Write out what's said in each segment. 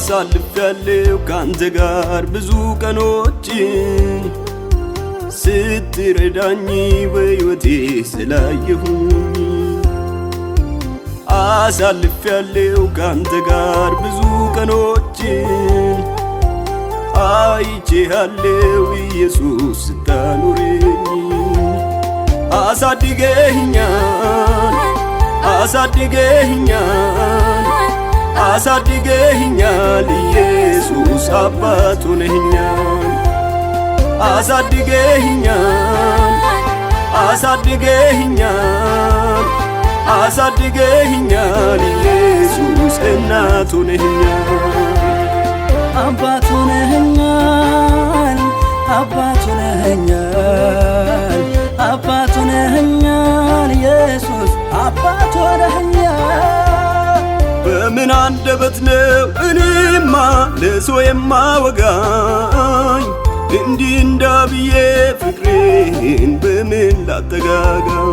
አሳልፍ ያለው ካንተ ጋር ብዙ ቀኖች ስትረዳኝ በሕይወቴ ስላየሁኝ ያለው ካንተ ጋር ብዙ ቀኖች ያለው ኢየሱስ ስታኑሬኝ አሳድገህኛል አሳድገህኛል አሳድገህኛል ኢየሱስ አባቱ ነህኛል አሳድገህኛል አሳድገህኛል አሳድገህኛል ኢየሱስ እናቱ ነህኛል አባቱ ነህኛል አባቱ ነህኛል አባቱ ነህኛል ኢየሱስ አባቱ ምን አንደበት ነው እኔማ ለሰው የማወጋኝ እንዲህ እንዳብዬ ፍቅሬን በምን ላጠጋጋው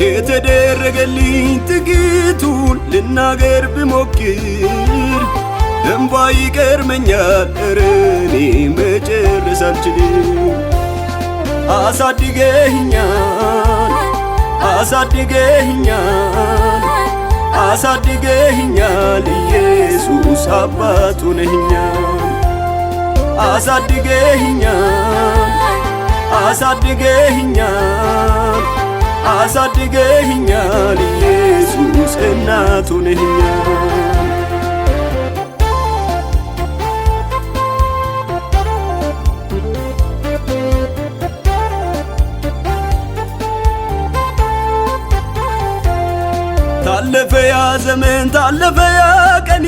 ከተደረገልኝ ጥቂቱን ልናገር ብሞክር እንባ ይቀርመኛል። ኧረ እኔ መጨረስ አልችልም። አሳድገህኛል አሳድገህኛል አሳድገህኛል ኢየሱስ አባቱ ነህኛል አሳድገህኛል አሳድገህኛል አሳድገህኛል ኢየሱስ እናቱ ነህኛል ያ ዘመን ታለፈ ያ ቀኒ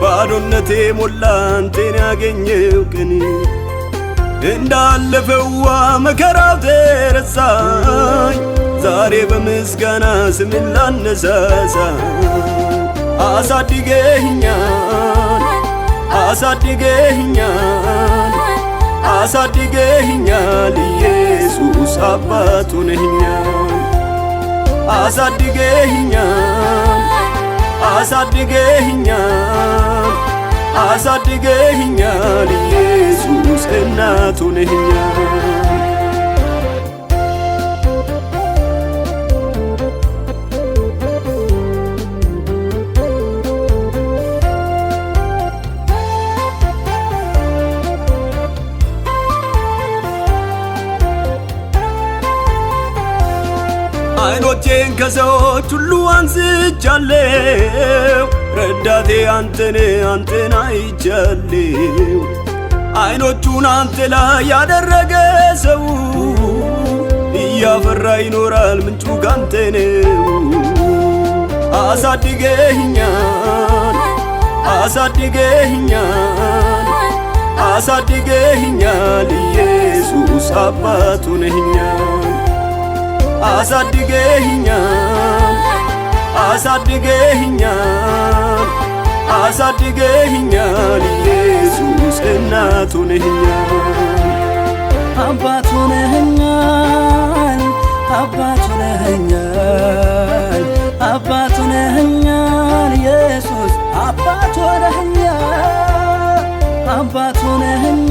ባዶነቴ ሞላ አንቴን ያገኘው ቀኒ እንዳለፈዋ መከራው ተረሳኝ ዛሬ በምስጋና ስምን ላነሳሳ አሳድገህኛል አሳድገህኛል አሳድገህኛል ኢየሱስ አባቱ ነህኛል አሳድገህኛል አሳድገህኛል አሳድገህኛል ኢየሱስ እናቱ ነህኛል ሕይወቴን ከሰዎች ሁሉ አንስቻለሁ። ረዳቴ አንተን አንተን አይቻለሁ። አይኖቹን አንተ ላይ ያደረገ ሰው እያፈራ ይኖራል። ምንጩ ካንተ ነው። አሳድገህኛል አሳድገህኛል አሳድገህኛል ኢየሱስ አባቱ ነህኛል አሳድገህኛል አሳድገህኛል አሳድገህኛል ኢየሱስ እናቱ ነህኛል አባቱ አባቱ ነህኛል አባቱ ኢየሱስ